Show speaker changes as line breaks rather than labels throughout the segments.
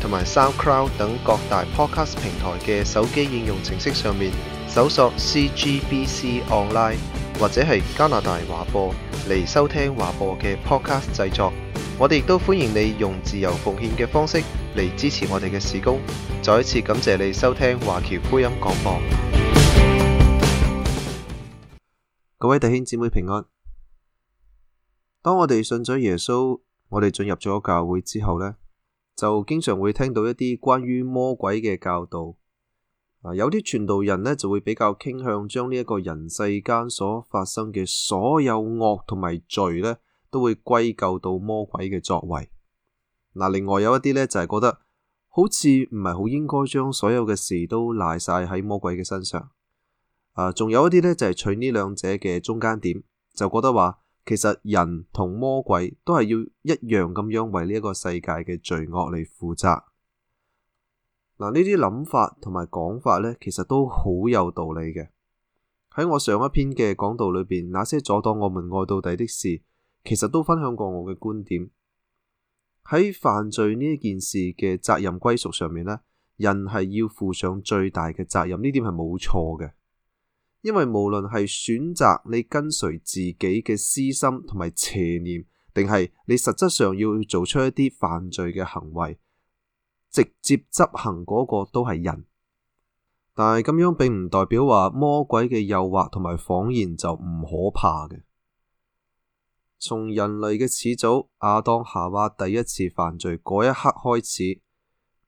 同埋 SoundCloud 等各大 Podcast 平台嘅手機應用程式上面搜索 CGBC Online 或者係加拿大華播嚟收聽華播嘅 Podcast 製作，我哋亦都歡迎你用自由奉獻嘅方式嚟支持我哋嘅事工。再一次感謝你收聽華僑福音廣播。各位弟兄姊妹平安。當我哋信咗耶穌，我哋進入咗教會之後呢。就經常會聽到一啲關於魔鬼嘅教導，啊、呃，有啲傳道人呢，就會比較傾向將呢一個人世間所發生嘅所有惡同埋罪呢，都會歸咎到魔鬼嘅作為。嗱、呃，另外有一啲呢，就係、是、覺得好似唔係好應該將所有嘅事都賴晒喺魔鬼嘅身上。啊、呃，仲有一啲呢，就係、是、取呢兩者嘅中間點，就覺得話。其實人同魔鬼都係要一樣咁樣為呢個世界嘅罪惡嚟負責。嗱，呢啲諗法同埋講法呢，其實都好有道理嘅。喺我上一篇嘅講道裏邊，那些阻擋我們愛到底的事，其實都分享過我嘅觀點。喺犯罪呢件事嘅責任歸屬上面呢，人係要負上最大嘅責任，呢點係冇錯嘅。因為無論係選擇你跟隨自己嘅私心同埋邪念，定係你實質上要做出一啲犯罪嘅行為，直接執行嗰個都係人。但係咁樣並唔代表話魔鬼嘅誘惑同埋謊言就唔可怕嘅。從人類嘅始祖亞當夏娃第一次犯罪嗰一刻開始，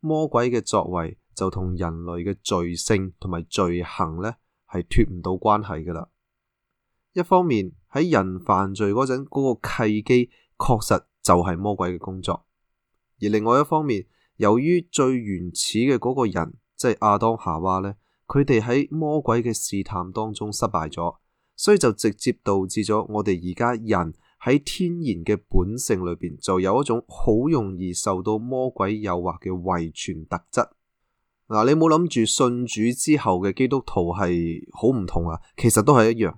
魔鬼嘅作為就同人類嘅罪性同埋罪行呢，係脱唔到關係㗎喇。一方面，喺人犯罪嗰陣嗰個契機，確實就係魔鬼嘅工作；而另外一方面，由於最原始嘅嗰個人，即係亞當夏娃呢，佢哋喺魔鬼嘅試探當中失敗咗，所以就直接導致咗我哋而家人喺天然嘅本性裏邊，就有一種好容易受到魔鬼誘惑嘅遺傳特質。嗱，你冇諗住信主之後嘅基督徒係好唔同啊，其實都係一樣，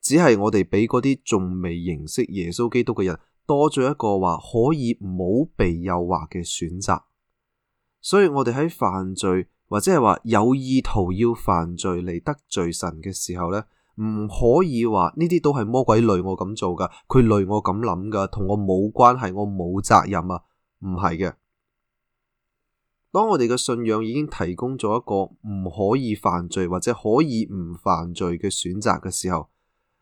只係我哋俾嗰啲仲未認識耶穌基督嘅人多咗一個話可以冇被誘惑嘅選擇。所以我哋喺犯罪或者係話有意圖要犯罪嚟得罪神嘅時候咧，唔可以話呢啲都係魔鬼累我咁做噶，佢累我咁諗噶，同我冇關係，我冇責任啊，唔係嘅。當我哋嘅信仰已經提供咗一個唔可以犯罪或者可以唔犯罪嘅選擇嘅時候，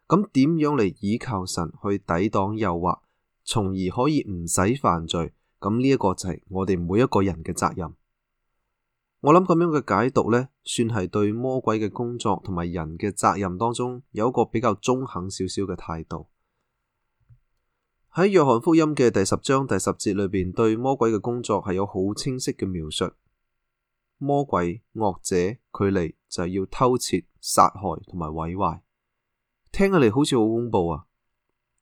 咁點樣嚟依靠神去抵擋誘惑，從而可以唔使犯罪？咁呢一個就係我哋每一個人嘅責任。我諗咁樣嘅解讀咧，算係對魔鬼嘅工作同埋人嘅責任當中有一個比較中肯少少嘅態度。喺約翰福音嘅第十章第十節裏邊，對魔鬼嘅工作係有好清晰嘅描述。魔鬼、惡者、佢嚟就係要偷竊、殺害同埋毀壞。聽起嚟好似好恐怖啊！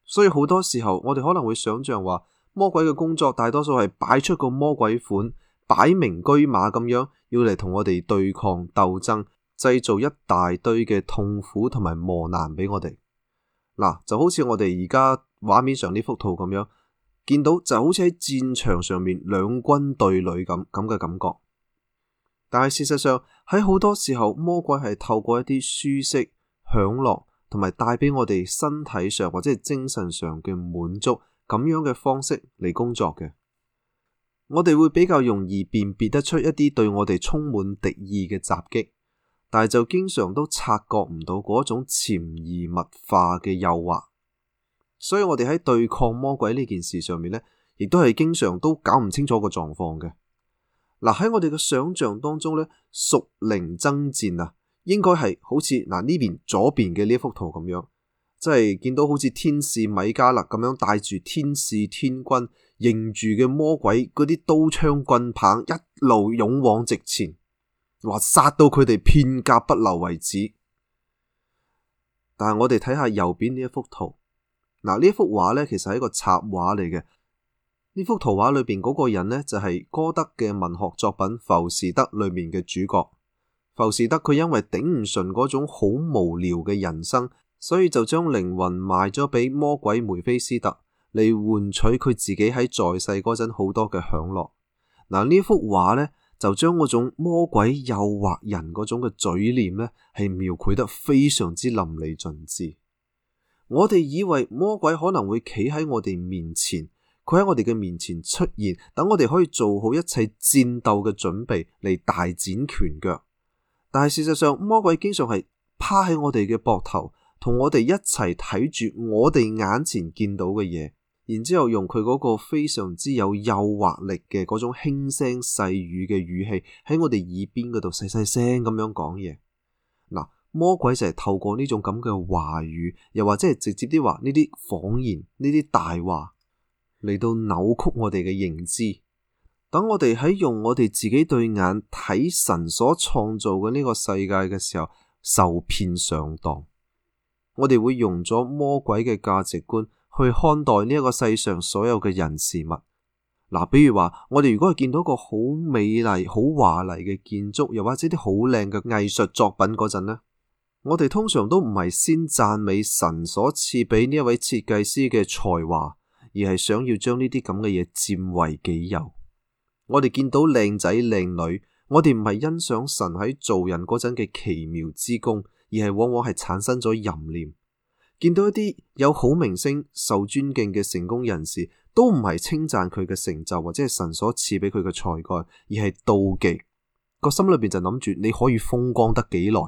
所以好多時候，我哋可能會想象話，魔鬼嘅工作大多數係擺出個魔鬼款，擺明車馬咁樣，要嚟同我哋對抗鬥爭，製造一大堆嘅痛苦同埋磨難俾我哋。嗱，就好似我哋而家，畫面上呢幅圖咁樣，見到就好似喺戰場上面兩軍對壘咁咁嘅感覺。但係事實上喺好多時候，魔鬼係透過一啲舒適、享樂同埋帶俾我哋身體上或者係精神上嘅滿足咁樣嘅方式嚟工作嘅。我哋會比較容易辨別得出一啲對我哋充滿敵意嘅襲擊，但係就經常都察覺唔到嗰種潛移默化嘅誘惑。所以我哋喺對抗魔鬼呢件事上面呢，亦都係經常都搞唔清楚個狀況嘅。嗱、啊，喺我哋嘅想象當中呢，屬靈爭戰啊，應該係好似嗱呢邊左邊嘅呢幅圖咁樣，即係見到好似天使米迦勒咁樣帶住天使天軍，迎住嘅魔鬼嗰啲刀槍棍棒，一路勇往直前，話殺到佢哋片甲不留為止。但係我哋睇下右邊呢一幅圖。嗱，呢幅畫呢，其實係一個插畫嚟嘅。呢幅圖畫裏邊嗰個人呢，就係歌德嘅文學作品《浮士德》裏面嘅主角。浮士德佢因為頂唔順嗰種好無聊嘅人生，所以就將靈魂賣咗俾魔鬼梅菲斯特，嚟換取佢自己喺在，在世嗰陣好多嘅享樂。嗱，呢幅畫呢，就將嗰種魔鬼誘惑人嗰種嘅嘴臉呢，係描繪得非常之淋漓盡致。我哋以為魔鬼可能會企喺我哋面前，佢喺我哋嘅面前出現，等我哋可以做好一切戰鬥嘅準備嚟大展拳腳。但係事實上，魔鬼經常係趴喺我哋嘅膊頭，同我哋一齊睇住我哋眼前見到嘅嘢，然之後用佢嗰個非常之有誘惑力嘅嗰種輕聲細語嘅語氣，喺我哋耳邊嗰度細細聲咁樣講嘢。魔鬼就係透過呢種咁嘅話語，又或者係直接啲話呢啲謊言、呢啲大話嚟到扭曲我哋嘅認知，等我哋喺用我哋自己對眼睇神所創造嘅呢個世界嘅時候受騙上當。我哋會用咗魔鬼嘅價值觀去看待呢一個世上所有嘅人事物。嗱、呃，比如話我哋如果係見到個好美麗、好華麗嘅建築，又或者啲好靚嘅藝術作品嗰陣呢。我哋通常都唔係先讚美神所賜俾呢位設計師嘅才華，而係想要將呢啲咁嘅嘢佔為己有。我哋見到靚仔靚女，我哋唔係欣賞神喺造人嗰陣嘅奇妙之功，而係往往係產生咗淫念。見到一啲有好明星、受尊敬嘅成功人士，都唔係稱讚佢嘅成就，或者係神所賜俾佢嘅才幹，而係妒忌。個心裏邊就諗住你可以風光得幾耐？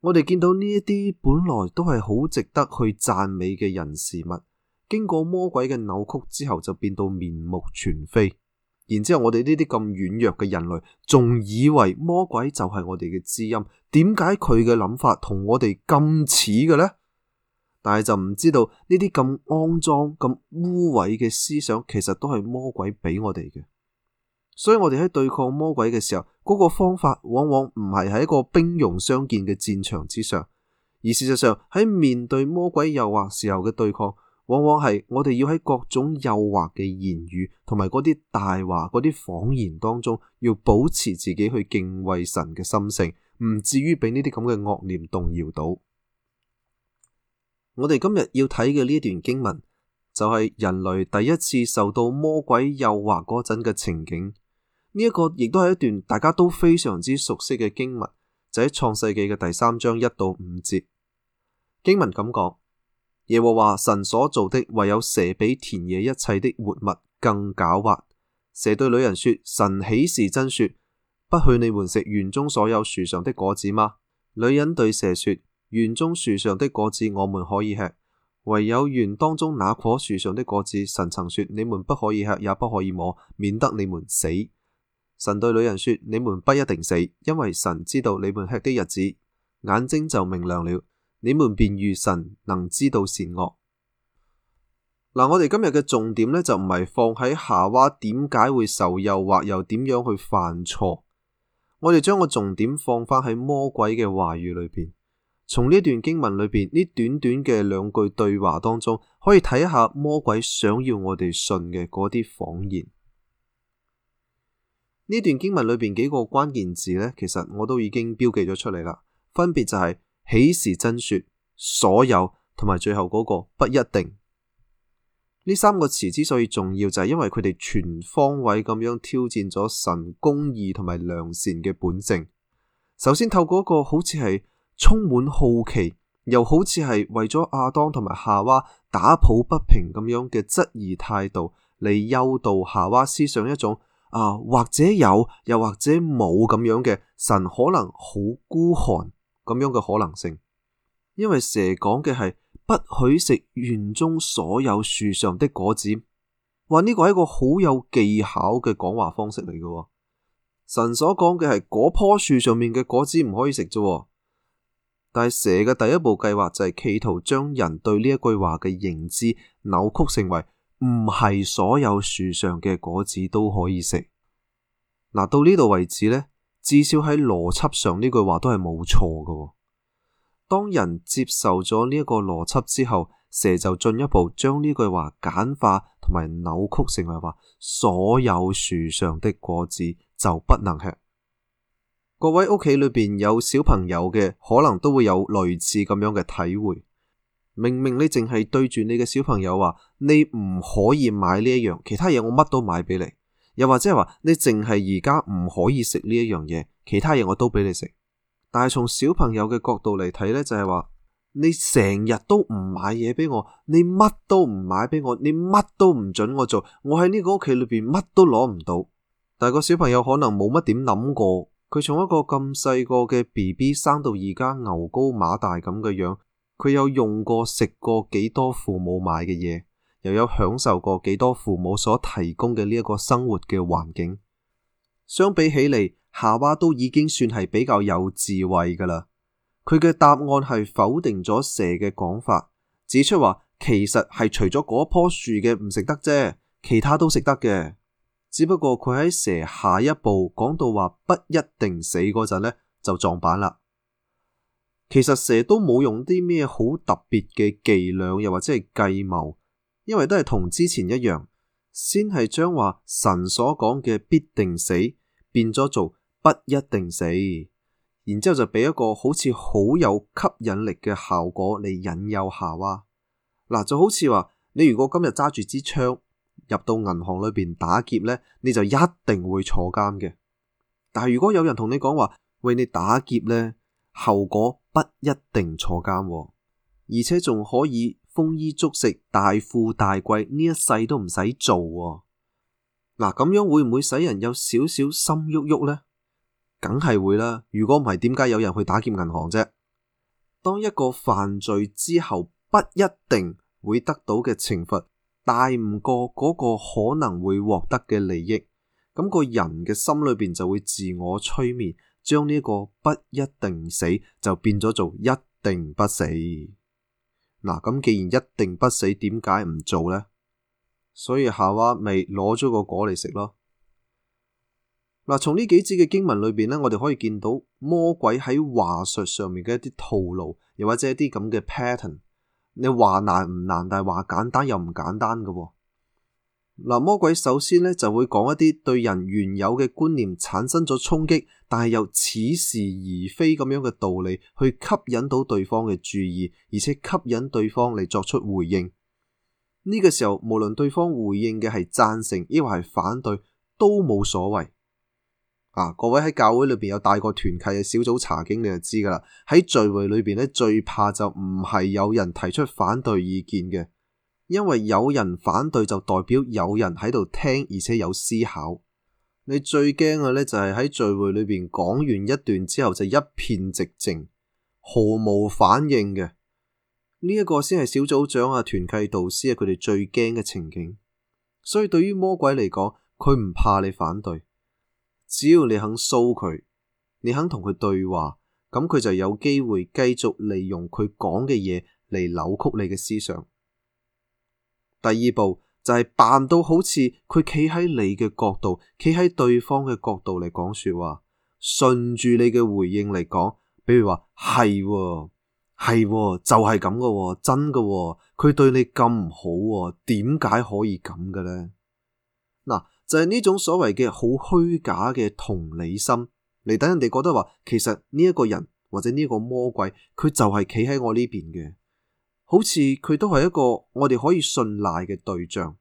我哋見到呢一啲本來都係好值得去讚美嘅人事物，經過魔鬼嘅扭曲之後，就變到面目全非。然之後，我哋呢啲咁軟弱嘅人類，仲以為魔鬼就係我哋嘅知音，點解佢嘅諗法同我哋咁似嘅呢？但係就唔知道呢啲咁骯髒、咁污穢嘅思想，其實都係魔鬼畀我哋嘅。所以我哋喺對抗魔鬼嘅時候，嗰個方法往往唔係喺一個兵戎相見嘅戰場之上，而事實上喺面對魔鬼誘惑時候嘅對抗，往往係我哋要喺各種誘惑嘅言語同埋嗰啲大話、嗰啲謊言當中，要保持自己去敬畏神嘅心性，唔至於俾呢啲咁嘅惡念動搖到。我哋今日要睇嘅呢段經文，就係人類第一次受到魔鬼誘惑嗰陣嘅情景。呢一個亦都係一段大家都非常之熟悉嘅經文，就喺創世紀嘅第三章一到五節。經文咁講。耶和華神所造的，唯有蛇比田野一切的活物更狡猾。蛇對女人說：神豈是真說不許你們食園中所有樹上的果子嗎？女人對蛇說：園中樹上的果子我們可以吃，唯有園當中那棵樹上的果子，神曾說你們不可以吃，也不可以摸，免得你們死。神對女人說：你們不一定死，因為神知道你們吃的日子，眼睛就明亮了，你們便如神能知道善惡。嗱、啊，我哋今日嘅重點呢，就唔係放喺夏娃點解會受誘惑，又點樣去犯錯。我哋將個重點放返喺魔鬼嘅話語裏邊。從呢段經文裏邊呢，短短嘅兩句對話當中，可以睇下魔鬼想要我哋信嘅嗰啲謊言。呢段經文裏邊幾個關鍵字呢，其實我都已經標記咗出嚟啦。分別就係、是、豈是真說、所有同埋最後嗰、那個不一定。呢三個詞之所以重要，就係因為佢哋全方位咁樣挑戰咗神公義同埋良善嘅本性。首先透過一個好似係充滿好奇，又好似係為咗亞當同埋夏娃打抱不平咁樣嘅質疑態度嚟誘導夏娃思想一種。啊，或者有，又或者冇咁樣嘅神，可能好孤寒咁樣嘅可能性，因為蛇講嘅係不許食園中所有樹上的果子。話呢個係一個好有技巧嘅講話方式嚟嘅。神所講嘅係嗰棵樹上面嘅果子唔可以食啫，但係蛇嘅第一步計劃就係企圖將人對呢一句話嘅認知扭曲成為。唔係所有樹上嘅果子都可以食。嗱，到呢度為止呢，至少喺邏輯上呢句話都係冇錯嘅。當人接受咗呢一個邏輯之後，蛇就進一步將呢句話簡化同埋扭曲成，成為話所有樹上的果子就不能吃。各位屋企裏邊有小朋友嘅，可能都會有類似咁樣嘅體會。明明你淨係對住你嘅小朋友話，你唔可以買呢一樣，其他嘢我乜都買畀你。又或者係話，你淨係而家唔可以食呢一樣嘢，其他嘢我都畀你食。但係從小朋友嘅角度嚟睇呢，就係話你成日都唔買嘢畀我，你乜都唔買畀我，你乜都唔准我做，我喺呢個屋企裏邊乜都攞唔到。但係個小朋友可能冇乜點諗過，佢從一個咁細個嘅 BB 生到而家牛高馬大咁嘅樣。佢有用過食過幾多父母買嘅嘢，又有享受過幾多父母所提供嘅呢一個生活嘅環境。相比起嚟，夏娃都已經算係比較有智慧㗎喇。佢嘅答案係否定咗蛇嘅講法，指出話其實係除咗嗰一棵樹嘅唔食得啫，其他都食得嘅。只不過佢喺蛇下一步講到話不一定死嗰陣呢，就撞板啦。其實蛇都冇用啲咩好特別嘅伎倆，又或者係計謀，因為都係同之前一樣，先係將話神所講嘅必定死變咗做不一定死，然之後就俾一個好似好有吸引力嘅效果嚟引誘夏娃。嗱，就好似話你如果今日揸住支槍入到銀行裏邊打劫咧，你就一定會坐監嘅。但係如果有人同你講話，喂，你打劫咧，後果？不一定坐監喎，而且仲可以豐衣足食、大富大貴，呢一世都唔使做喎。嗱、啊，咁樣會唔會使人有少少心郁郁呢？梗係會啦。如果唔係，點解有人去打劫銀行啫？當一個犯罪之後，不一定會得到嘅懲罰，大唔過嗰個可能會獲得嘅利益，咁個人嘅心裏邊就會自我催眠。將呢個不一定死就變咗做一定不死。嗱、啊，咁既然一定不死，點解唔做呢？所以夏娃咪攞咗個果嚟食咯。嗱、啊，從呢幾節嘅經文裏邊呢，我哋可以見到魔鬼喺話術上面嘅一啲套路，又或者一啲咁嘅 pattern。你話難唔難？但係話簡單又唔簡單噶、啊。嗱，魔鬼首先咧就會講一啲對人原有嘅觀念產生咗衝擊，但係又似是而非咁樣嘅道理去吸引到對方嘅注意，而且吸引對方嚟作出回應。呢個時候，無論對方回應嘅係贊成抑或係反對，都冇所謂。啊，各位喺教會裏邊有帶過團契嘅小組查經，你就知噶啦。喺聚會裏邊呢，最怕就唔係有人提出反對意見嘅。因為有人反對就代表有人喺度聽，而且有思考。你最驚嘅呢，就係喺聚會裏邊講完一段之後就一片寂靜，毫無反應嘅，呢一個先係小組長啊、團契導師啊，佢哋最驚嘅情景。所以對於魔鬼嚟講，佢唔怕你反對，只要你肯蘇佢，你肯同佢對話，咁佢就有機會繼續利用佢講嘅嘢嚟扭曲你嘅思想。第二步就係、是、扮到好似佢企喺你嘅角度，企喺對方嘅角度嚟講說話，順住你嘅回應嚟講，比如話係，係、喎喎，就係咁㗎，真㗎、喎，佢對你咁唔好、喎，點解可以咁嘅咧？嗱，就係、是、呢種所謂嘅好虛假嘅同理心嚟等人哋覺得話，其實呢一個人或者呢個魔鬼，佢就係企喺我呢邊嘅。好似佢都係一個我哋可以信賴嘅對象，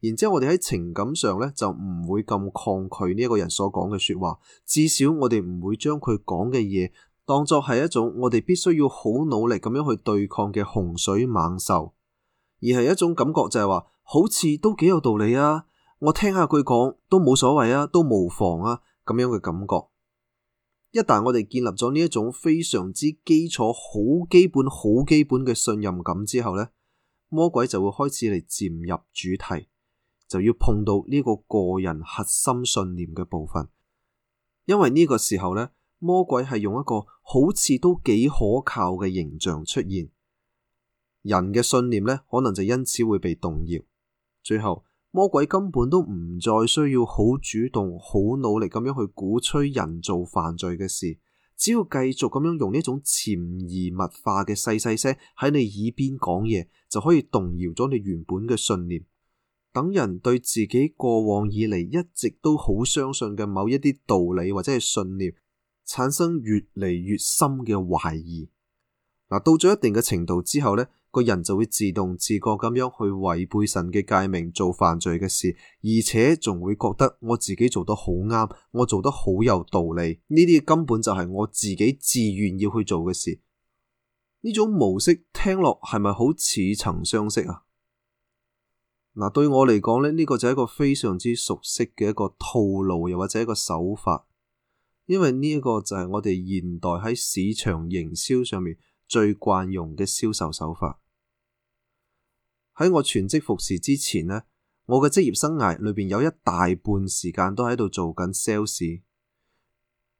然之後我哋喺情感上呢，就唔會咁抗拒呢個人所講嘅說話，至少我哋唔會將佢講嘅嘢當作係一種我哋必須要好努力咁樣去對抗嘅洪水猛獸，而係一種感覺就係話，好似都幾有道理啊，我聽下佢講都冇所謂啊，都無妨啊，咁樣嘅感覺。一旦我哋建立咗呢一種非常之基礎、好基本、好基本嘅信任感之後呢，魔鬼就會開始嚟漸入主題，就要碰到呢個個人核心信念嘅部分。因為呢個時候呢，魔鬼係用一個好似都幾可靠嘅形象出現，人嘅信念呢，可能就因此會被動搖，最後。魔鬼根本都唔再需要好主動、好努力咁樣去鼓吹人做犯罪嘅事，只要繼續咁樣用呢種潛移默化嘅細細聲喺你耳邊講嘢，就可以動搖咗你原本嘅信念，等人對自己過往以嚟一直都好相信嘅某一啲道理或者係信念產生越嚟越深嘅懷疑。嗱，到咗一定嘅程度之後呢。個人就會自動自覺咁樣去違背神嘅誡命，做犯罪嘅事，而且仲會覺得我自己做得好啱，我做得好有道理。呢啲根本就係我自己自願要去做嘅事。呢種模式聽落係咪好似曾相識啊？嗱，對我嚟講咧，呢、呢個就係一個非常之熟悉嘅一個套路，又或者一個手法，因為呢一個就係我哋現代喺市場營銷上面。最慣用嘅銷售手法，喺我全職服侍之前呢，我嘅職業生涯裏邊有一大半時間都喺度做緊 sales。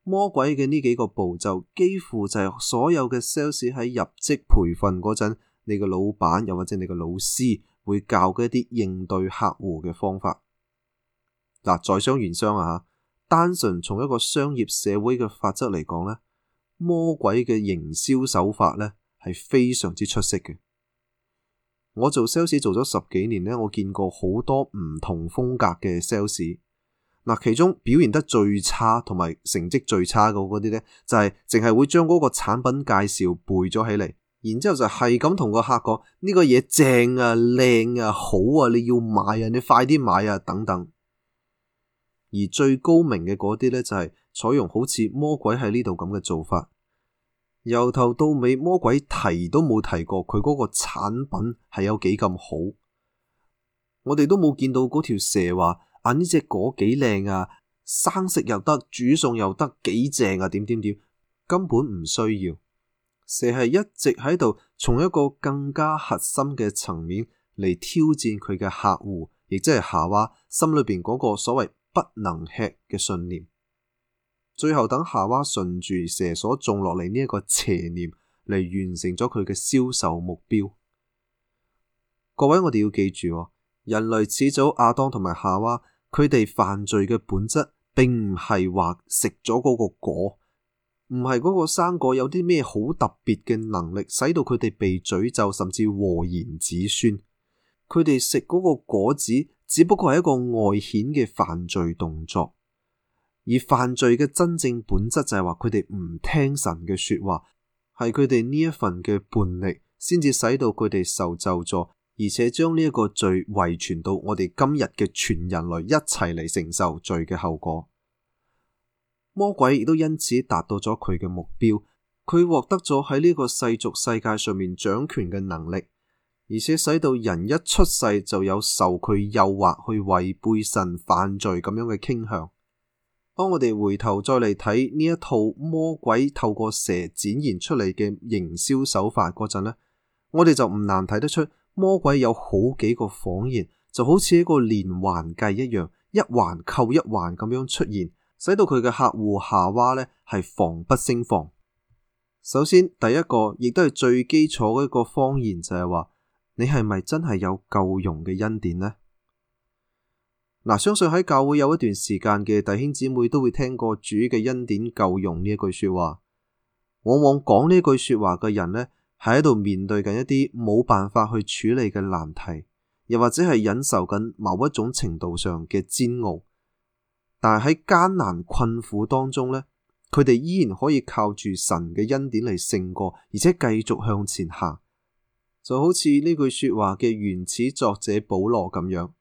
魔鬼嘅呢幾個步驟，幾乎就係所有嘅 sales 喺入職培訓嗰陣，你個老闆又或者你個老師會教嘅一啲應對客戶嘅方法。嗱，在商言商啊吓，單純從一個商業社會嘅法則嚟講呢。魔鬼嘅營銷手法呢，係非常之出色嘅。我做 sales 做咗十幾年呢，我見過好多唔同風格嘅 sales。嗱，其中表現得最差同埋成績最差嗰啲呢，就係淨係會將嗰個產品介紹背咗起嚟，然之後就係咁同個客講呢個嘢正啊、靚啊、好啊，你要買啊，你快啲買啊等等。而最高明嘅嗰啲呢，就係、是。採用好似魔鬼喺呢度咁嘅做法，由頭到尾魔鬼提都冇提過佢嗰個產品係有幾咁好，我哋都冇見到嗰條蛇話啊，呢隻果幾靚啊，生食又得，煮餸又得，幾正啊，點點點，根本唔需要。蛇係一直喺度從一個更加核心嘅層面嚟挑戰佢嘅客戶，亦即係夏娃心裏面嗰個所謂不能吃嘅信念。最後等夏娃順住蛇所種落嚟，呢一個邪念，嚟完成咗佢嘅銷售目標。各位我哋要記住，人類始祖亞當同埋夏娃佢哋犯罪嘅本質，並唔係話食咗嗰個果，唔係嗰個生果有啲咩好特別嘅能力使，使到佢哋被詛咒甚至禍延子孫。佢哋食嗰個果子，只不過係一個外顯嘅犯罪動作。而犯罪嘅真正本質就係話佢哋唔聽神嘅說話，係佢哋呢一份嘅叛逆，先至使到佢哋受咒詛，而且將呢一個罪遺傳到我哋今日嘅全人類一齊嚟承受罪嘅後果。魔鬼亦都因此達到咗佢嘅目標，佢獲得咗喺呢個世俗世界上面掌權嘅能力，而且使到人一出世就有受佢誘惑去違背神犯罪咁樣嘅傾向。當我哋回頭再嚟睇呢一套魔鬼透過蛇展現出嚟嘅營銷手法嗰陣呢，我哋就唔難睇得出魔鬼有好幾個謊言，就好似一個連環計一樣，一環扣一環咁樣出現，使到佢嘅客戶夏娃呢係防不勝防。首先第一個，亦都係最基礎嘅一個謊言就係話，你係咪真係有夠用嘅恩典呢？」嗱，相信喺教會有一段時間嘅弟兄姊妹都會聽過主嘅恩典夠用呢一句說話。往往講呢句說話嘅人咧，係喺度面對緊一啲冇辦法去處理嘅難題，又或者係忍受緊某一種程度上嘅煎熬。但係喺艱難困苦當中咧，佢哋依然可以靠住神嘅恩典嚟勝過，而且繼續向前行。就好似呢句說話嘅原始作者保羅咁樣。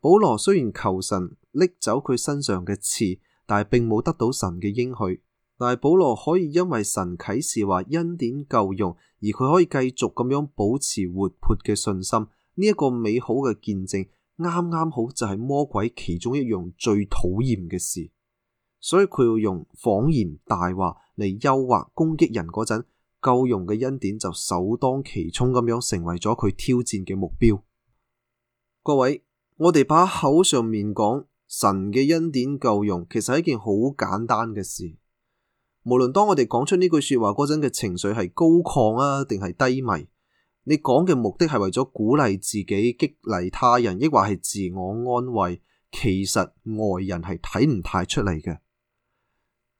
保羅雖然求神拎走佢身上嘅刺，但係並冇得到神嘅應許。但係保羅可以因為神啟示話恩典夠用，而佢可以繼續咁樣保持活潑嘅信心。呢一個美好嘅見證，啱啱好就係魔鬼其中一樣最討厭嘅事，所以佢要用謊言大話嚟誘惑攻擊人嗰陣，夠用嘅恩典就首當其衝咁樣成為咗佢挑戰嘅目標。各位。我哋把口上面講神嘅恩典夠用，其實係一件好簡單嘅事。無論當我哋講出呢句說話嗰陣嘅情緒係高亢啊，定係低迷，你講嘅目的係為咗鼓勵自己、激勵他人，亦或係自我安慰，其實外人係睇唔太出嚟嘅。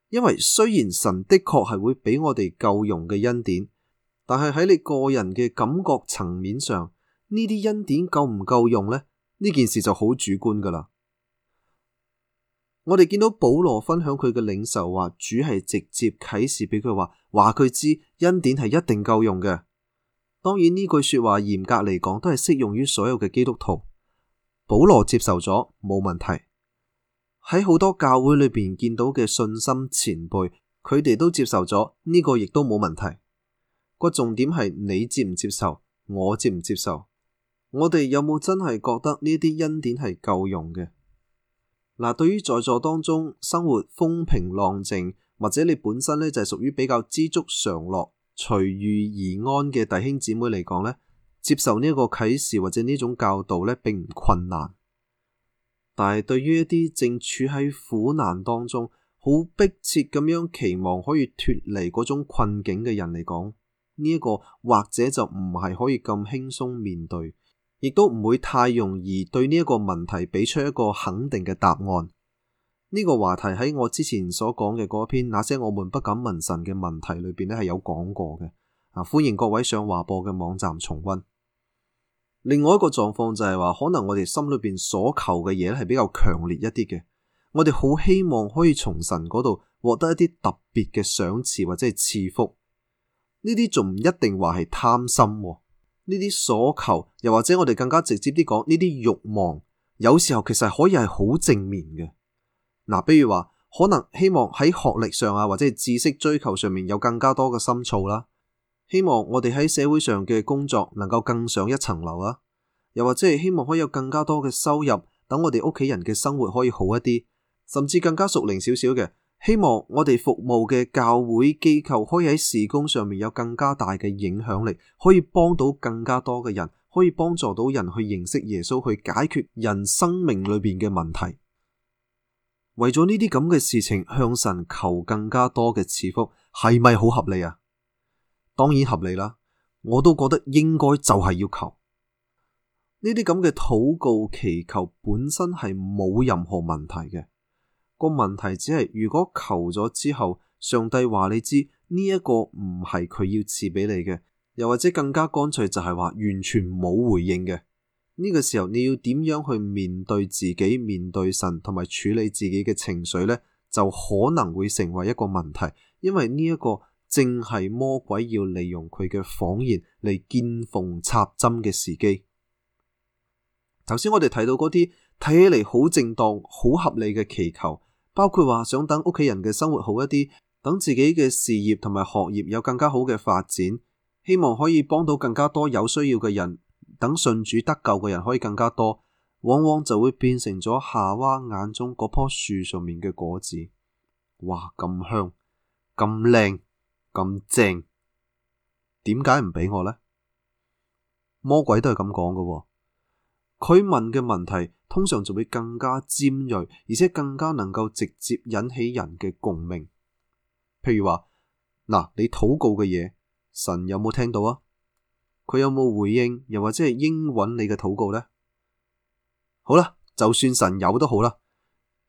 因為雖然神的確係會俾我哋夠用嘅恩典，但係喺你個人嘅感覺層面上，呢啲恩典夠唔夠用呢？呢件事就好主觀噶啦。我哋見到保羅分享佢嘅領受，話主係直接啟示俾佢，話話佢知恩典係一定夠用嘅。當然呢句說話嚴格嚟講都係適用於所有嘅基督徒。保羅接受咗冇問題。喺好多教會裏邊見到嘅信心前輩，佢哋都接受咗呢、這個，亦都冇問題。個重點係你接唔接受，我接唔接受。我哋有冇真係覺得呢啲恩典係夠用嘅？嗱，對於在座當中生活風平浪靜，或者你本身呢就係屬於比較知足常樂、隨遇而安嘅弟兄姊妹嚟講呢，接受呢一個啟示或者呢種教導呢，並唔困難。但係對於一啲正處喺苦難當中、好迫切咁樣期望可以脫離嗰種困境嘅人嚟講呢、這、一個或者就唔係可以咁輕鬆面對。亦都唔會太容易對呢一個問題俾出一個肯定嘅答案。呢個話題喺我之前所講嘅嗰篇《那些我們不敢問神嘅問題》裏邊咧係有講過嘅。啊，歡迎各位上華播嘅網站重溫。另外一個狀況就係話，可能我哋心裏邊所求嘅嘢咧係比較強烈一啲嘅，我哋好希望可以從神嗰度獲得一啲特別嘅賞賜或者係賜福。呢啲仲唔一定話係貪心喎。呢啲所求，又或者我哋更加直接啲講，呢啲慾望，有時候其實可以係好正面嘅。嗱、啊，比如話可能希望喺學歷上啊，或者係知識追求上面有更加多嘅深造啦。希望我哋喺社會上嘅工作能夠更上一層樓啊。又或者係希望可以有更加多嘅收入，等我哋屋企人嘅生活可以好一啲，甚至更加熟齡少少嘅。希望我哋服務嘅教會機構可以喺事工上面有更加大嘅影響力，可以幫到更加多嘅人，可以幫助到人去認識耶穌，去解決人生命裏邊嘅問題。為咗呢啲咁嘅事情，向神求更加多嘅賜福，係咪好合理啊？當然合理啦，我都覺得應該就係要求。呢啲咁嘅禱告祈求本身係冇任何問題嘅。個問題只係如果求咗之後，上帝話你知呢一個唔係佢要賜畀你嘅，又或者更加乾脆就係話完全冇回應嘅呢、呢個時候，你要點樣去面對自己、面對神同埋處理自己嘅情緒呢？就可能會成為一個問題，因為呢一個正係魔鬼要利用佢嘅謊言嚟見縫插針嘅時機。頭先我哋睇到嗰啲睇起嚟好正當、好合理嘅祈求。包括話想等屋企人嘅生活好一啲，等自己嘅事業同埋學業有更加好嘅發展，希望可以幫到更加多有需要嘅人，等信主得救嘅人可以更加多，往往就會變成咗夏娃眼中嗰棵樹上面嘅果子。哇，咁香、咁靚、咁正，點解唔俾我呢？魔鬼都係咁講嘅，佢問嘅問題通常就會更加尖銳，而且更加能夠直接引起人嘅共鳴。譬如話嗱，你禱告嘅嘢，神有冇聽到啊？佢有冇回應？又或者係應允你嘅禱告呢？好啦，就算神有都好啦，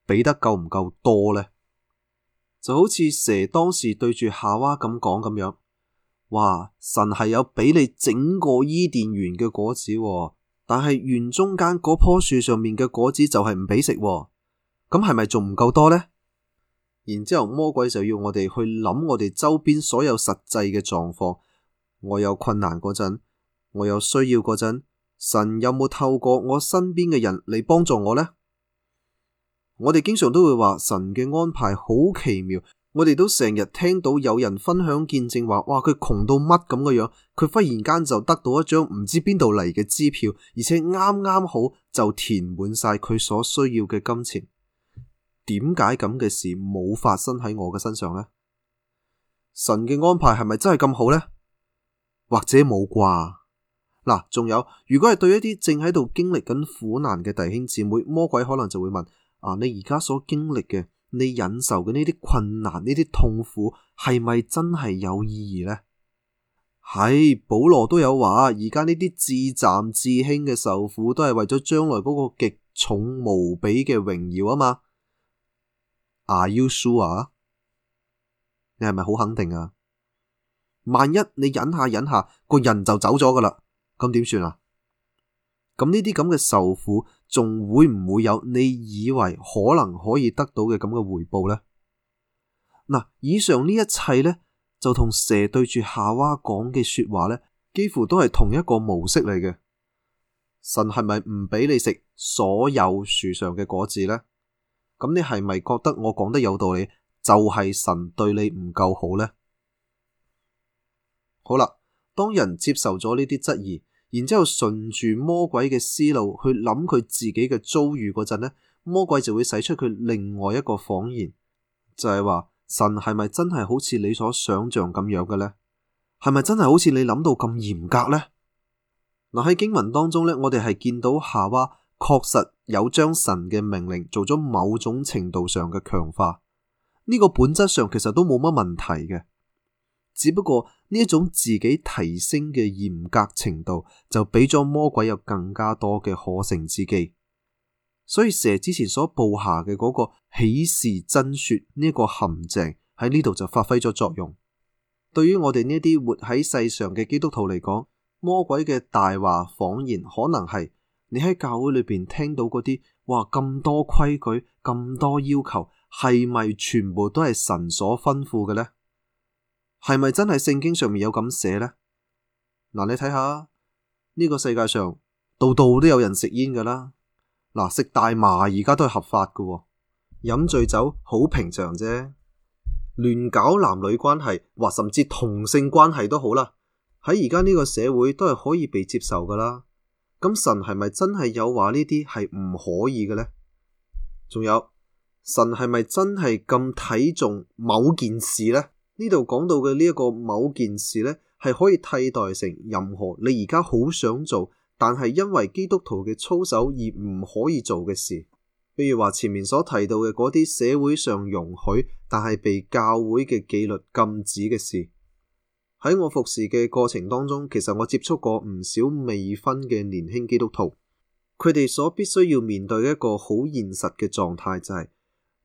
俾得夠唔夠多呢？就好似蛇當時對住夏娃咁講咁樣，哇！神係有俾你整個伊甸園嘅果子喎。但係園中間嗰棵樹上面嘅果子就係唔俾食喎，咁係咪仲唔夠多呢？然之後魔鬼就要我哋去諗我哋周邊所有實際嘅狀況。我有困難嗰陣，我有需要嗰陣，神有冇透過我身邊嘅人嚟幫助我呢？我哋經常都會話神嘅安排好奇妙。我哋都成日聽到有人分享見證話，哇，佢窮到乜咁嘅樣，佢忽然間就得到一張唔知邊度嚟嘅支票，而且啱啱好就填滿晒佢所需要嘅金錢。點解咁嘅事冇發生喺我嘅身上呢？神嘅安排係咪真係咁好呢？或者冇啩？嗱，仲有，如果係對一啲正喺度經歷緊苦難嘅弟兄姊妹，魔鬼可能就會問：啊，你而家所經歷嘅？你忍受嘅呢啲困難、呢啲痛苦，係咪真係有意義呢？係、哎、保羅都有話，而家呢啲自暫自輕嘅受苦，都係為咗將來嗰個極重無比嘅榮耀啊嘛。Are you sure 啊？你係咪好肯定啊？萬一你忍下忍下，個人就走咗噶啦，咁點算啊？咁呢啲咁嘅受苦。仲會唔會有你以為可能可以得到嘅咁嘅回報呢？嗱，以上呢一切呢，就同蛇對住夏娃講嘅說話呢，幾乎都係同一個模式嚟嘅。神係咪唔俾你食所有樹上嘅果子呢？咁你係咪覺得我講得有道理？就係神對你唔夠好呢？好啦，當人接受咗呢啲質疑。然之後，順住魔鬼嘅思路去諗佢自己嘅遭遇嗰陣咧，魔鬼就會使出佢另外一個謊言，就係話神係咪真係好似你所想象咁樣嘅呢？係咪真係好似你諗到咁嚴格呢？嗱，喺經文當中咧，我哋係見到夏娃確實有將神嘅命令做咗某種程度上嘅強化，呢個本質上其實都冇乜問題嘅，只不過。呢一種自己提升嘅嚴格程度，就俾咗魔鬼有更加多嘅可乘之機。所以蛇之前所布下嘅嗰個豈是真說呢一個陷阱喺呢度就發揮咗作用。對於我哋呢啲活喺世上嘅基督徒嚟講，魔鬼嘅大話謊言可能係你喺教會裏邊聽到嗰啲，哇，咁多規矩，咁多要求，係咪全部都係神所吩咐嘅呢？係咪真係聖經上面有咁寫呢？嗱、啊，你睇下呢個世界上度度都有人食煙噶啦，嗱、啊、食大麻而家都係合法噶、喎，飲醉酒好平常啫，亂搞男女關係或甚至同性關係都好啦，喺而家呢個社會都係可以被接受噶啦。咁神係咪真係有話呢啲係唔可以嘅呢？仲有神係咪真係咁睇重某件事呢？呢度講到嘅呢一個某件事呢，係可以替代成任何你而家好想做，但係因為基督徒嘅操守而唔可以做嘅事。譬如話前面所提到嘅嗰啲社會上容許，但係被教會嘅紀律禁止嘅事。喺我服侍嘅過程當中，其實我接觸過唔少未婚嘅年輕基督徒，佢哋所必須要面對一個好現實嘅狀態，就係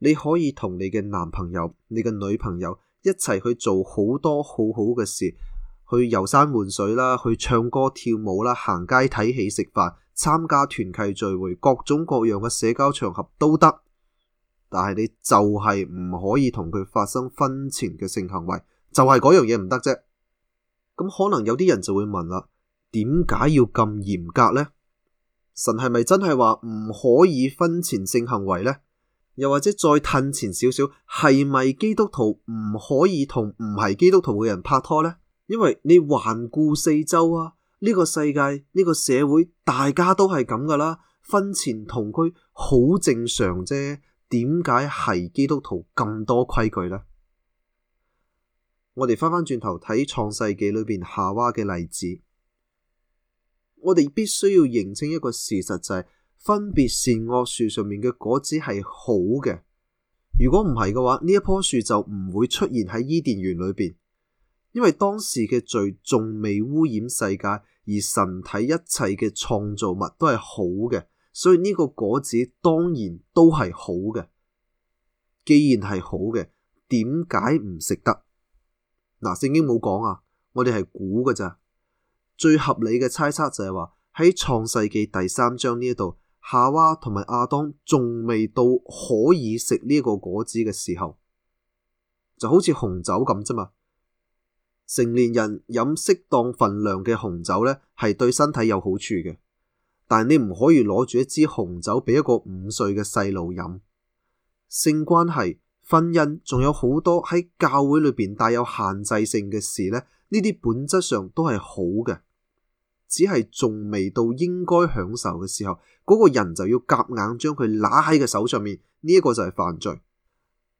你可以同你嘅男朋友、你嘅女朋友，一齊去做好多好好嘅事，去遊山玩水啦，去唱歌跳舞啦，行街睇戲食飯，參加團契聚會，各種各樣嘅社交場合都得。但係你就係唔可以同佢發生婚前嘅性行為，就係嗰樣嘢唔得啫。咁可能有啲人就會問啦，「點解要咁嚴格呢？神係咪真係話唔可以婚前性行為呢？」又或者再褪前少少，係咪基督徒唔可以同唔係基督徒嘅人拍拖呢？因為你環顧四周啊，呢個世界，呢個社會大家都係咁噶啦，婚前同居好正常啫，點解係基督徒咁多規矩呢？我哋翻返轉頭睇創世紀裏邊夏娃嘅例子，我哋必須要認清一個事實就係。分別善惡樹上面嘅果子係好嘅。如果唔係嘅話，呢一棵樹就唔會出現喺伊甸園裏邊，因為當時嘅罪仲未污染世界，而神體一切嘅創造物都係好嘅，所以呢個果子當然都係好嘅。既然係好嘅，點解唔食得？嗱，聖經冇講啊，我哋係估㗎咋。最合理嘅猜測就係話喺創世記第三章呢一度。夏娃同埋亞當仲未到可以食呢個果子嘅時候，就好似紅酒咁啫嘛。成年人飲適當份量嘅紅酒呢，係對身體有好處嘅。但你唔可以攞住一支紅酒俾一個五歲嘅細路飲。性關係、婚姻，仲有好多喺教會裏邊帶有限制性嘅事呢，呢啲本質上都係好嘅。只係仲未到應該享受嘅時候，嗰、那個人就要夾硬將佢揦喺佢手上面，呢、這、一個就係犯罪。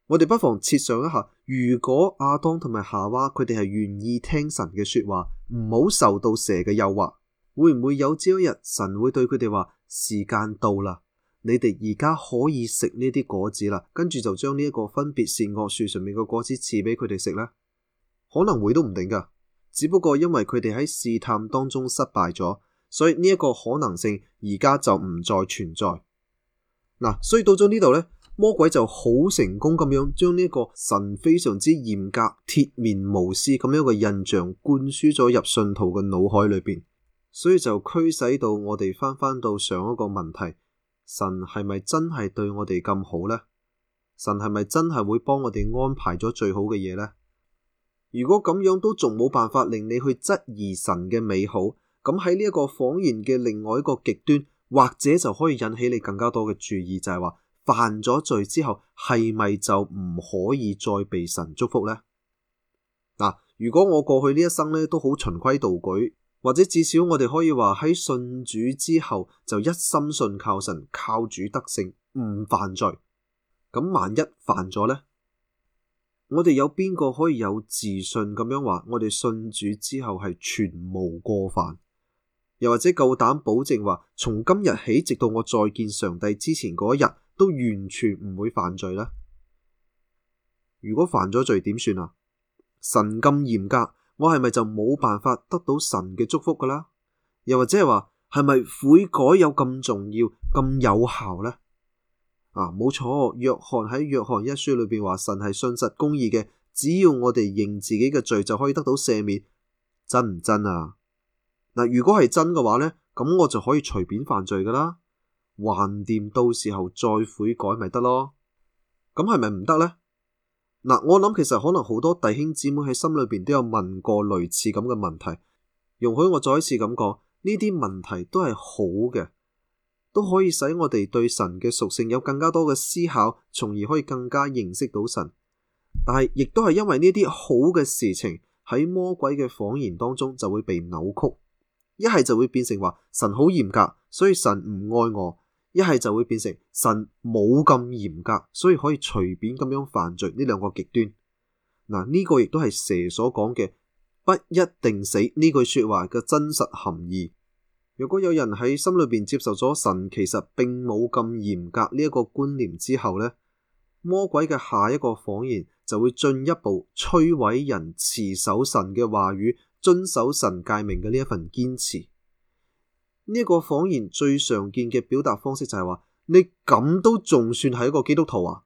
我哋不妨設想一下，如果阿當同埋夏娃佢哋係願意聽神嘅說話，唔好受到蛇嘅誘惑，會唔會有朝一日神會對佢哋話：時間到啦，你哋而家可以食呢啲果子啦，跟住就將呢一個分別善惡樹上面嘅果子賜俾佢哋食呢？可能會都唔定噶。只不過因為佢哋喺試探當中失敗咗，所以呢一個可能性而家就唔再存在。嗱、啊，所以到咗呢度呢，魔鬼就好成功咁樣將呢一個神非常之嚴格、鐵面無私咁樣嘅印象灌輸咗入信徒嘅腦海裏邊，所以就驅使到我哋翻返到上一個問題：神係咪真係對我哋咁好呢？神係咪真係會幫我哋安排咗最好嘅嘢呢？如果咁樣都仲冇辦法令你去質疑神嘅美好，咁喺呢一個謊言嘅另外一個極端，或者就可以引起你更加多嘅注意，就係、是、話犯咗罪之後係咪就唔可以再被神祝福呢？啊，嗱，如果我過去呢一生呢都好循規蹈矩，或者至少我哋可以話喺信主之後就一心信靠神，靠主得勝，唔犯罪，咁萬一犯咗呢。我哋有邊個可以有自信咁樣話，我哋信主之後係全無過犯，又或者夠膽保證話，從今日起直到我再見上帝之前嗰一日，都完全唔會犯罪呢？如果犯咗罪點算啊？神咁嚴格，我係咪就冇辦法得到神嘅祝福噶啦？又或者係話，係咪悔改有咁重要、咁有效呢？」啊，冇錯，約翰喺約翰一書裏邊話神係信實公義嘅，只要我哋認自己嘅罪就可以得到赦免，真唔真啊？嗱、啊，如果係真嘅話呢，咁我就可以隨便犯罪噶啦，橫掂到時候再悔改咪得咯？咁係咪唔得呢？嗱、啊，我諗其實可能好多弟兄姊妹喺心裏邊都有問過類似咁嘅問題，容許我再一次咁講，呢啲問題都係好嘅。都可以使我哋對神嘅屬性有更加多嘅思考，從而可以更加認識到神。但係，亦都係因為呢啲好嘅事情喺魔鬼嘅謊言當中就會被扭曲，一係就會變成話神好嚴格，所以神唔愛我；一係就會變成神冇咁嚴格，所以可以隨便咁樣犯罪。呢兩個極端，嗱，這，呢個亦都係蛇所講嘅不一定死呢句說話嘅真實含義。如果有人喺心裏邊接受咗神其實並冇咁嚴格呢一個觀念之後咧，魔鬼嘅下一個謊言就會進一步摧毀人持守神嘅話語、遵守神誡命嘅呢一份堅持。呢一個謊言最常見嘅表達方式就係話：你咁都仲算係一個基督徒啊？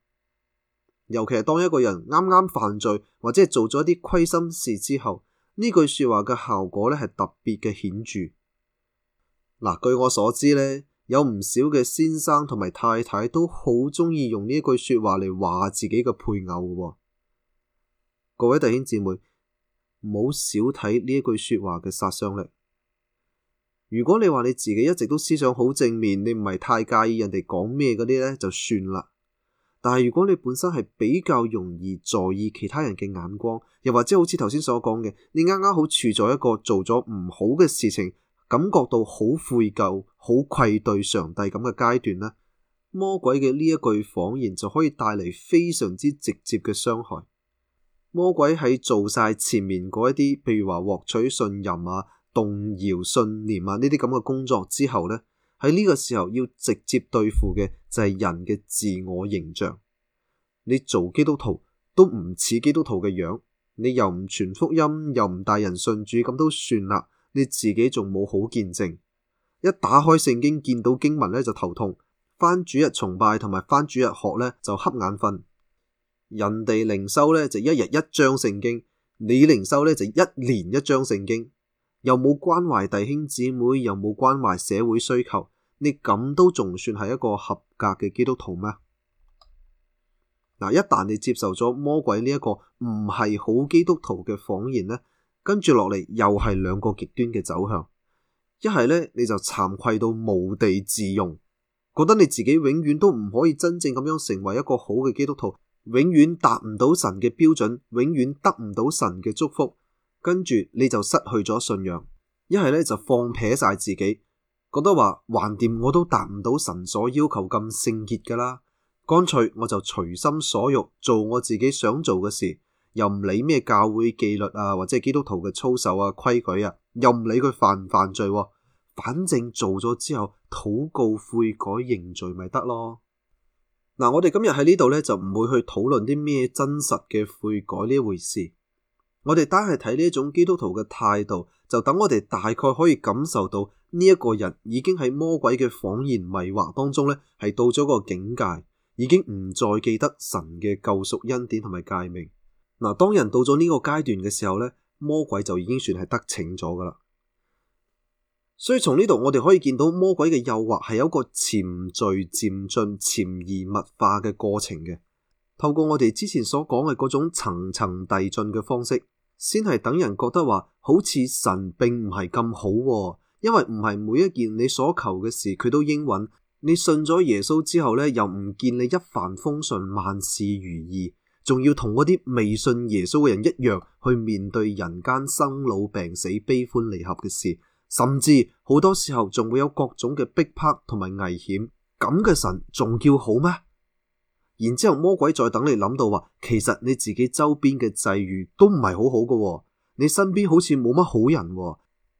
尤其係當一個人啱啱犯罪或者做咗一啲虧心事之後，呢句說話嘅效果咧，係特別嘅顯著。嗱，據我所知呢，有唔少嘅先生同埋太太都好鍾意用呢句說話嚟，話自己嘅配偶嘅。各位弟兄姊妹，唔好小睇呢句說話嘅殺傷力。如果你話你自己一直都思想好正面，你唔係太介意人哋講咩嗰啲呢，就算啦。但係如果你本身係比較容易在意其他人嘅眼光，又或者好似頭先所講嘅，你啱啱好處在一個做咗唔好嘅事情，感覺到好悔疚，好愧對上帝咁嘅階段咧，魔鬼嘅呢一句謊言就可以帶嚟非常之直接嘅傷害。魔鬼喺做晒前面嗰一啲，譬如話獲取信任啊、動搖信念啊呢啲咁嘅工作之後呢，喺呢個時候要直接對付嘅就係人嘅自我形象。你做基督徒都唔似基督徒嘅樣，你又唔傳福音，又唔帶人信主，咁都算啦。你自己仲冇好見證，一打開聖經見到經文咧就頭痛，返主日崇拜同埋返主日學咧就瞌眼瞓，人哋靈修咧就一日一章聖經，你靈修咧就一年一章聖經，又冇關懷弟兄姊妹，又冇關懷社會需求，你咁都仲算係一個合格嘅基督徒咩？嗱，一旦你接受咗魔鬼呢一個唔係好基督徒嘅謊言呢。跟住落嚟又係兩個極端嘅走向，一係呢，你就慚愧到無地自容，覺得你自己永遠都唔可以真正咁樣成為一個好嘅基督徒，永遠達唔到神嘅標準，永遠得唔到神嘅祝福，跟住你就失去咗信仰；一係呢，就放撇晒自己，覺得話橫掂我都達唔到神所要求咁聖潔噶啦，乾脆我就隨心所欲做我自己想做嘅事。又唔理咩教會紀律啊，或者基督徒嘅操守啊、規矩啊，又唔理佢犯唔犯罪啊，反正做咗之後禱告悔改認罪咪得咯。嗱，我哋今日喺呢度咧，就唔會去討論啲咩真實嘅悔改呢回事。我哋單係睇呢一種基督徒嘅態度，就等我哋大概可以感受到呢一，這個人已經喺魔鬼嘅謊言迷惑當中咧，係到咗個境界，已經唔再記得神嘅救贖恩典同埋誡命。嗱，當人到咗呢個階段嘅時候咧，魔鬼就已經算係得逞咗㗎喇。所以從呢度我哋可以見到魔鬼嘅誘惑係有一個循序漸進、潛移默化嘅過程嘅。透過我哋之前所講嘅嗰種層層遞進嘅方式，先係等人覺得話好似神並唔係咁好喎，因為唔係每一件你所求嘅事佢都應允。你信咗耶穌之後咧，又唔見你一帆風順、萬事如意。仲要同嗰啲未信耶穌嘅人一樣去面對人間生老病死、悲歡離合嘅事，甚至好多時候仲會有各種嘅逼迫同埋危險。咁嘅神仲叫好咩？然之後魔鬼再等你諗到話，其實你自己周邊嘅際遇都唔係好好嘅，你身邊好似冇乜好人，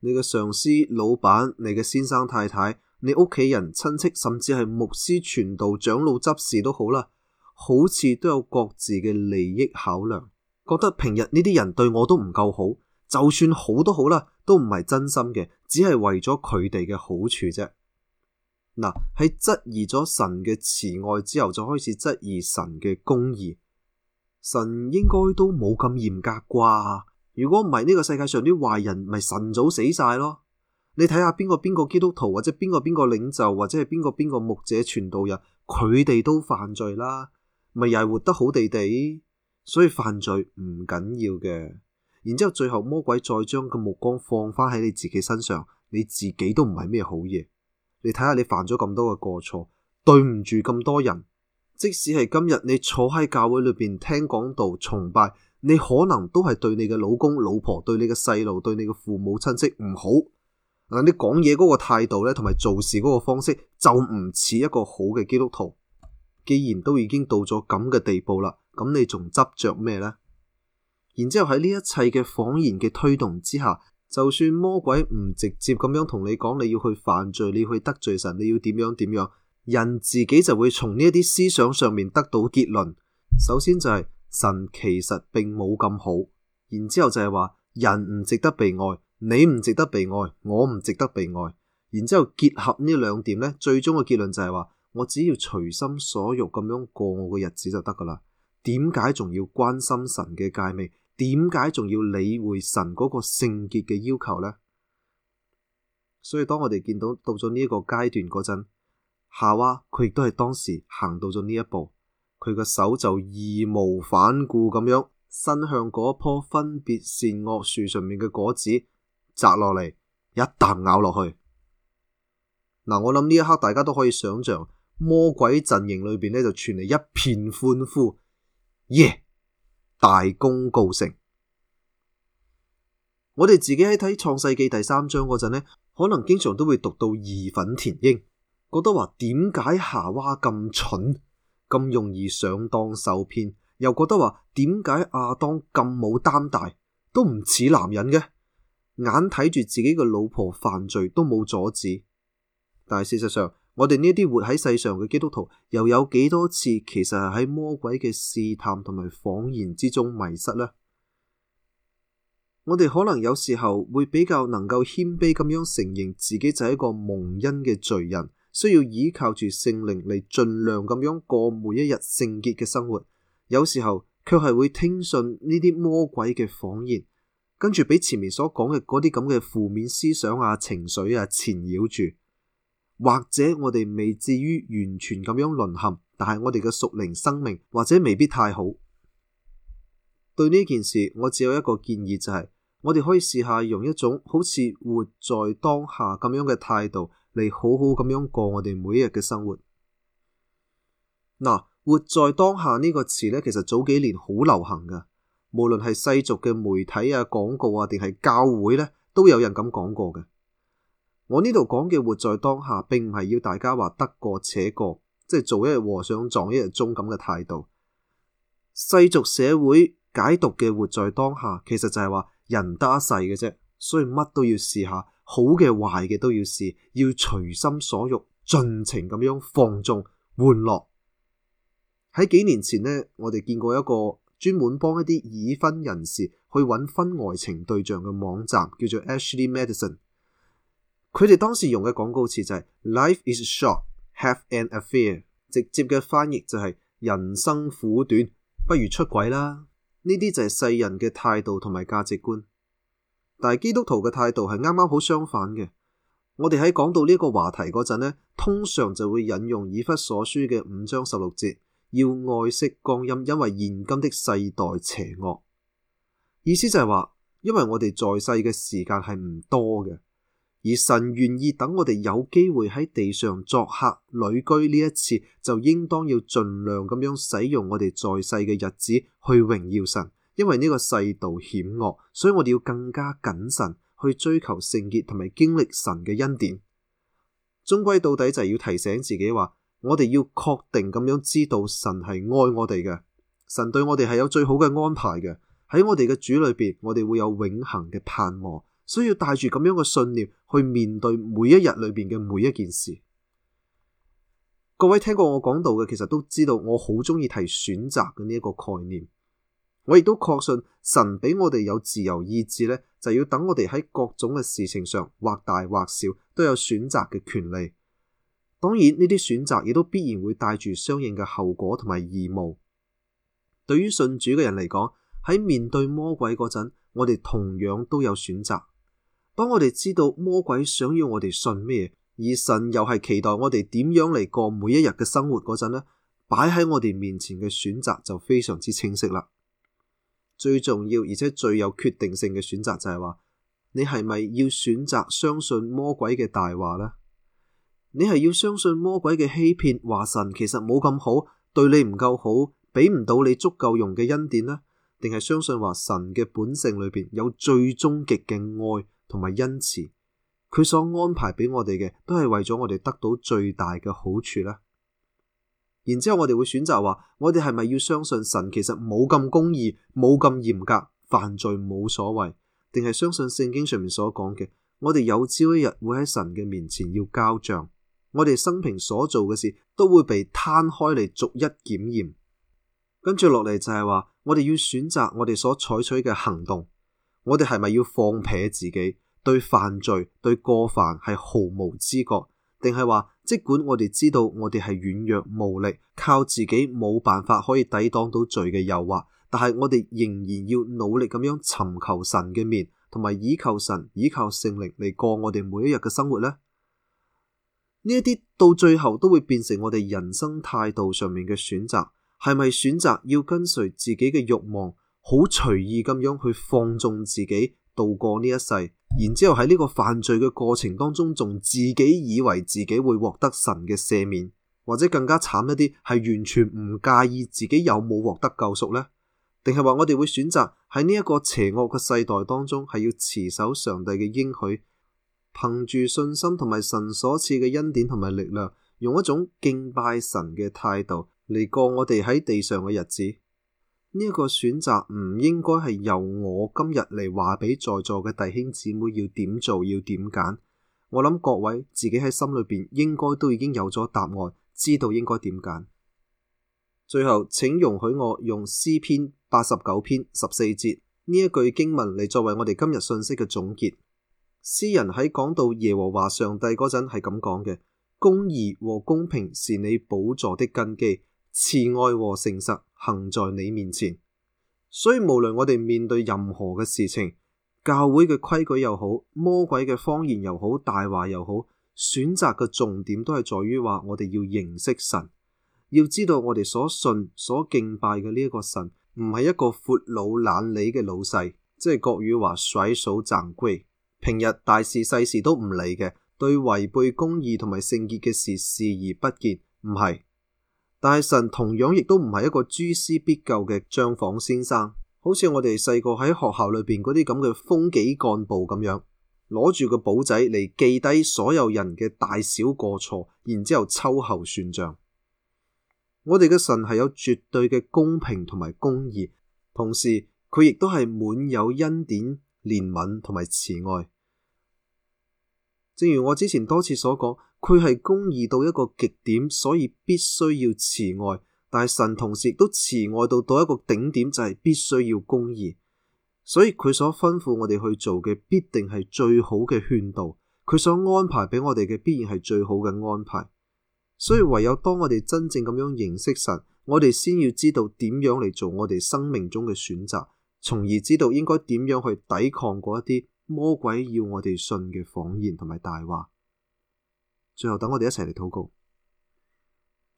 你嘅上司、老闆、你嘅先生、太太、你屋企人、親戚，甚至係牧師、傳道、長老執事都好啦。好似都有各自嘅利益考量，覺得平日呢啲人對我都唔夠好，就算好都好啦，都唔係真心嘅，只係為咗佢哋嘅好處啫。嗱，喺質疑咗神嘅慈愛之後，就開始質疑神嘅公義。神應該都冇咁嚴格啩？如果唔係呢個世界上啲壞人，咪神早死晒咯。你睇下邊個邊個基督徒，或者邊個邊個領袖，或者係邊個邊個牧者、傳道人，佢哋都犯罪啦。咪又係活得好地地，所以犯罪唔緊要嘅。然之後最後魔鬼再將個目光放翻喺你自己身上，你自己都唔係咩好嘢。你睇下你犯咗咁多嘅過錯，對唔住咁多人。即使係今日你坐喺教會裏邊聽講道、崇拜，你可能都係對你嘅老公、老婆、對你嘅細路、對你嘅父母親戚唔好。嗱，你講嘢嗰個態度咧，同埋做事嗰個方式，就唔似一個好嘅基督徒。既然都已經到咗咁嘅地步啦，咁你仲執着咩呢？然之後喺呢一切嘅謊言嘅推動之下，就算魔鬼唔直接咁樣同你講你要去犯罪，你要去得罪神，你要點樣點樣，人自己就會從呢一啲思想上面得到結論。首先就係神其實並冇咁好，然之後就係話人唔值得被愛，你唔值得被愛，我唔值得被愛。然之後結合呢兩點呢，最終嘅結論就係話。我只要隨心所欲咁樣過我嘅日子就得噶啦，點解仲要關心神嘅誡命？點解仲要理會神嗰個聖潔嘅要求呢？所以當我哋見到到咗呢一個階段嗰陣，夏娃佢亦都係當時行到咗呢一步，佢嘅手就義無反顧咁樣伸向嗰一棵分別善惡樹上面嘅果子摘，摘落嚟一啖咬落去。嗱，呃，我諗呢一刻大家都可以想象。魔鬼陣營裏邊呢，就傳嚟一片歡呼，耶、yeah!！大功告成。我哋自己喺睇創世紀第三章嗰陣呢，可能經常都會讀到義憤填膺，覺得話點解夏娃咁蠢，咁容易上當受騙，又覺得話點解亞當咁冇擔帶，都唔似男人嘅，眼睇住自己嘅老婆犯罪都冇阻止。但係事實上，我哋呢啲活喺世上嘅基督徒，又有幾多次其實係喺魔鬼嘅試探同埋謊言之中迷失咧？我哋可能有時候會比較能夠謙卑咁樣承認自己就係一個蒙恩嘅罪人，需要依靠住聖靈嚟，盡量咁樣過每一日聖潔嘅生活。有時候卻係會聽信呢啲魔鬼嘅謊言，跟住俾前面所講嘅嗰啲咁嘅負面思想啊、情緒啊纏繞住。或者我哋未至於完全咁樣淪陷，但係我哋嘅屬靈生命或者未必太好。對呢件事，我只有一個建議，就是，就係我哋可以試下用一種好似活在當下咁樣嘅態度，嚟好好咁樣過我哋每一日嘅生活。嗱、呃，活在當下呢個詞呢，其實早幾年好流行噶，無論係世俗嘅媒體啊、廣告啊，定係教會呢，都有人咁講過嘅。我呢度講嘅活在當下，並唔係要大家話得過且過，即係做一日和尚撞一日鐘咁嘅態度。世俗社會解讀嘅活在當下，其實就係話人得一世嘅啫，所以乜都要試下，好嘅壞嘅都要試，要隨心所欲，盡情咁樣放縱、玩樂。喺幾年前呢，我哋見過一個專門幫一啲已婚人士去搵婚外情對象嘅網站，叫做 Ashley Madison。佢哋當時用嘅廣告詞就係 Life is short, have an affair。直接嘅翻譯就係、是、人生苦短，不如出軌啦。呢啲就係世人嘅態度同埋價值觀。但係基督徒嘅態度係啱啱好相反嘅。我哋喺講到呢個話題嗰陣呢，通常就會引用以弗所書嘅五章十六節，要愛惜光陰，因為現今的世代邪惡。意思就係話，因為我哋在世嘅時間係唔多嘅。而神願意等我哋有機會喺地上作客旅居呢一次，就應當要盡量咁樣使用我哋在世嘅日子去榮耀神。因為呢個世道險惡，所以我哋要更加謹慎去追求聖潔同埋經歷神嘅恩典。終歸到底就係要提醒自己話，我哋要確定咁樣知道神係愛我哋嘅，神對我哋係有最好嘅安排嘅。喺我哋嘅主裏邊，我哋會有永恒嘅盼望。所以要帶住咁樣嘅信念去面對每一日裏邊嘅每一件事。各位聽過我講到嘅，其實都知道我好鍾意提選擇嘅呢一個概念。我亦都確信神俾我哋有自由意志呢，就要等我哋喺各種嘅事情上，或大或小，都有選擇嘅權利。當然呢啲選擇亦都必然會帶住相應嘅後果同埋義務。對於信主嘅人嚟講，喺面對魔鬼嗰陣，我哋同樣都有選擇。當我哋知道魔鬼想要我哋信咩，而神又係期待我哋點樣嚟過每一日嘅生活嗰陣咧，擺喺我哋面前嘅選擇就非常之清晰啦。最重要而且最有決定性嘅選擇就係話，你係咪要選擇相信魔鬼嘅大話呢？你係要相信魔鬼嘅欺騙，話神其實冇咁好，對你唔夠好，俾唔到你足夠用嘅恩典呢？定係相信話神嘅本性裏邊有最終極嘅愛？同埋因此，佢所安排俾我哋嘅，都係為咗我哋得到最大嘅好處咧。然之後我哋會選擇話，我哋係咪要相信神其實冇咁公義、冇咁嚴格，犯罪冇所謂？定係相信聖經上面所講嘅，我哋有朝一日會喺神嘅面前要交賬，我哋生平所做嘅事都會被攤開嚟逐一檢驗。跟住落嚟就係話，我哋要選擇我哋所採取嘅行動。我哋係咪要放撇自己對犯罪、對過犯係毫無知覺？定係話，即管我哋知道我哋係軟弱無力，靠自己冇辦法可以抵擋到罪嘅誘惑，但係我哋仍然要努力咁樣尋求神嘅面，同埋倚靠神、倚靠聖靈嚟過我哋每一日嘅生活呢？呢一啲到最後都會變成我哋人生態度上面嘅選擇，係咪選擇要跟隨自己嘅慾望？好隨意咁樣去放縱自己度過呢一世，然之後喺呢個犯罪嘅過程當中，仲自己以為自己會獲得神嘅赦免，或者更加慘一啲，係完全唔介意自己有冇獲得救贖呢？定係話我哋會選擇喺呢一個邪惡嘅世代當中，係要持守上帝嘅應許，憑住信心同埋神所賜嘅恩典同埋力量，用一種敬拜神嘅態度嚟過我哋喺地上嘅日子。呢一個選擇唔應該係由我今日嚟話俾在座嘅弟兄姊妹要點做，要點揀。我諗各位自己喺心裏邊應該都已經有咗答案，知道應該點揀。最後，請容許我用詩篇八十九篇十四節呢一句經文嚟作為我哋今日信息嘅總結。詩人喺講到耶和華上帝嗰陣係咁講嘅：公義和公平是你寶座的根基。慈愛和誠實行在你面前，所以無論我哋面對任何嘅事情，教會嘅規矩又好，魔鬼嘅謊言又好，大話又好，選擇嘅重點都係在於話我哋要認識神，要知道我哋所信所敬拜嘅呢一個神，唔係一個闊老懶理嘅老細，即係國語話甩手掌櫃，平日大事細事都唔理嘅，對違背公義同埋聖潔嘅事視而不見，唔係。但係神同樣亦都唔係一個錙銖必較嘅賬房先生，好似我哋細個喺學校裏邊嗰啲咁嘅風紀幹部咁樣，攞住個簿仔嚟記低所有人嘅大小過錯，然之後秋後算賬。我哋嘅神係有絕對嘅公平同埋公義，同時佢亦都係滿有恩典、憐憫同埋慈愛。正如我之前多次所講。佢係公義到一個極點，所以必須要慈愛；但係神同時亦都慈愛到到一個頂點，就係、是、必須要公義。所以佢所吩咐我哋去做嘅，必定係最好嘅勸導；佢所安排俾我哋嘅，必然係最好嘅安排。所以唯有當我哋真正咁樣認識神，我哋先要知道點樣嚟做我哋生命中嘅選擇，從而知道應該點樣去抵抗嗰一啲魔鬼要我哋信嘅謊言同埋大話。最後等我哋一齊嚟禱告，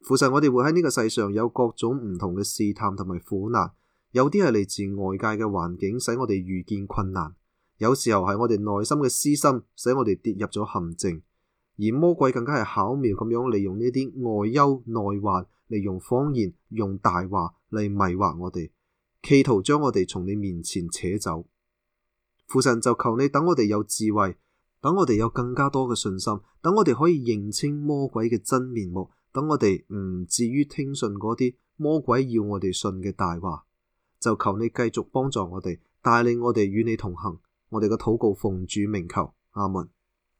父神，我哋會喺呢個世上有各種唔同嘅試探同埋苦難，有啲係嚟自外界嘅環境，使我哋遇見困難，有時候係我哋內心嘅私心，使我哋跌入咗陷阱，而魔鬼更加係巧妙咁樣利用呢啲外憂內患，利用謊言、用大話嚟迷惑我哋，企圖將我哋從你面前扯走。父神就求你等我哋有智慧。等我哋有更加多嘅信心，等我哋可以認清魔鬼嘅真面目，等我哋唔至於聽信嗰啲魔鬼要我哋信嘅大話，就求你繼續幫助我哋，帶領我哋與你同行。我哋嘅禱告奉主名求，阿門。